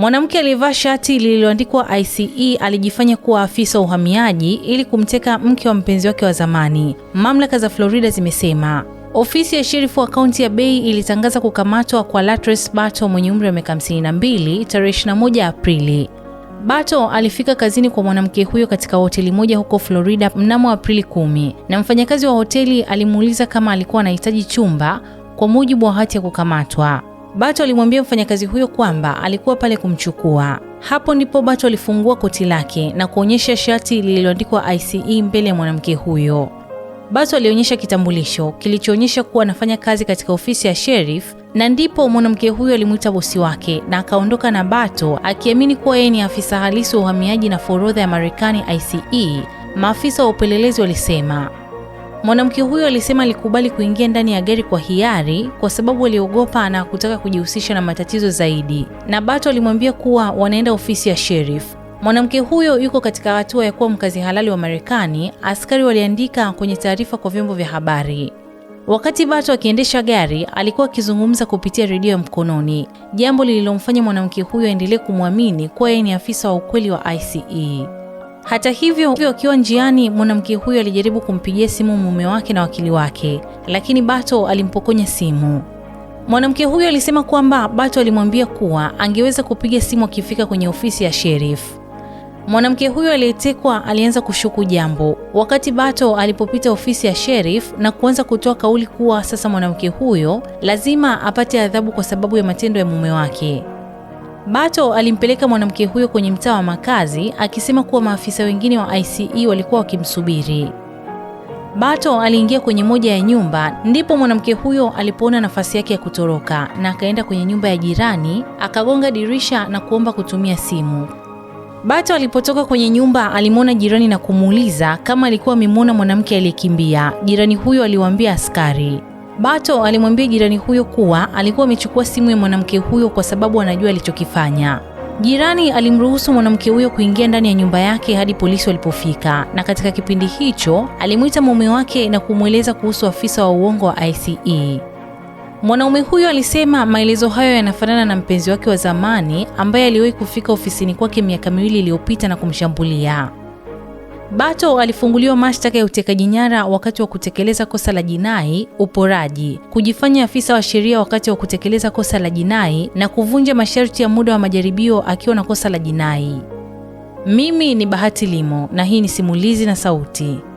Mwanamke aliyevaa shati lililoandikwa ICE alijifanya kuwa afisa wa uhamiaji ili kumteka mke wa mpenzi wake wa zamani, mamlaka za Florida zimesema. Ofisi ya sherifu wa kaunti ya Bay ilitangaza kukamatwa kwa Latres Bato mwenye umri wa miaka 52 tarehe 21 Aprili. Bato alifika kazini kwa mwanamke huyo katika hoteli moja huko Florida mnamo Aprili 10 na mfanyakazi wa hoteli alimuuliza kama alikuwa anahitaji chumba kwa mujibu wa hati ya kukamatwa. Bato alimwambia mfanyakazi huyo kwamba alikuwa pale kumchukua. Hapo ndipo Bato alifungua koti lake na kuonyesha shati lililoandikwa ICE mbele ya mwanamke huyo. Bato alionyesha kitambulisho kilichoonyesha kuwa anafanya kazi katika ofisi ya sheriff, na ndipo mwanamke huyo alimwita bosi wake na akaondoka na Bato akiamini kuwa yeye ni afisa halisi wa uhamiaji na forodha ya Marekani ICE. Maafisa wa upelelezi walisema Mwanamke huyo alisema alikubali kuingia ndani ya gari kwa hiari kwa sababu aliogopa na kutaka kujihusisha na matatizo zaidi. Na Bato alimwambia kuwa wanaenda ofisi ya sheriff. Mwanamke huyo yuko katika hatua ya kuwa mkazi halali wa Marekani, askari waliandika kwenye taarifa kwa vyombo vya habari. Wakati Bato akiendesha gari, alikuwa akizungumza kupitia redio ya mkononi, jambo lililomfanya mwanamke huyo aendelee kumwamini kuwa yeye ni afisa wa ukweli wa ICE. Hata hivyo, akiwa njiani, mwanamke huyo alijaribu kumpigia simu mume wake na wakili wake, lakini Bato alimpokonya simu. Mwanamke huyo alisema kwamba Bato alimwambia kuwa angeweza kupiga simu akifika kwenye ofisi ya sheriff. Mwanamke huyo aliyetekwa alianza kushuku jambo wakati Bato alipopita ofisi ya sheriff na kuanza kutoa kauli kuwa sasa mwanamke huyo lazima apate adhabu kwa sababu ya matendo ya mume wake. Bato alimpeleka mwanamke huyo kwenye mtaa wa makazi akisema kuwa maafisa wengine wa ICE walikuwa wakimsubiri. Bato aliingia kwenye moja ya nyumba, ndipo mwanamke huyo alipoona nafasi yake ya kutoroka na akaenda kwenye nyumba ya jirani, akagonga dirisha na kuomba kutumia simu. Bato alipotoka kwenye nyumba alimwona jirani na kumuuliza kama alikuwa amemwona mwanamke aliyekimbia. Jirani huyo aliwaambia askari. Bato alimwambia jirani huyo kuwa alikuwa amechukua simu ya mwanamke huyo kwa sababu anajua alichokifanya. Jirani alimruhusu mwanamke huyo kuingia ndani ya nyumba yake hadi polisi walipofika, na katika kipindi hicho alimwita mume wake na kumweleza kuhusu afisa wa uongo wa ICE. Mwanaume huyo alisema maelezo hayo yanafanana na mpenzi wake wa zamani ambaye aliwahi kufika ofisini kwake miaka miwili iliyopita na kumshambulia. Bato alifunguliwa mashtaka ya utekaji nyara wakati wa kutekeleza kosa la jinai, uporaji, kujifanya afisa wa sheria wakati wa kutekeleza kosa la jinai na kuvunja masharti ya muda wa majaribio akiwa na kosa la jinai. Mimi ni Bahati Limo na hii ni Simulizi na Sauti.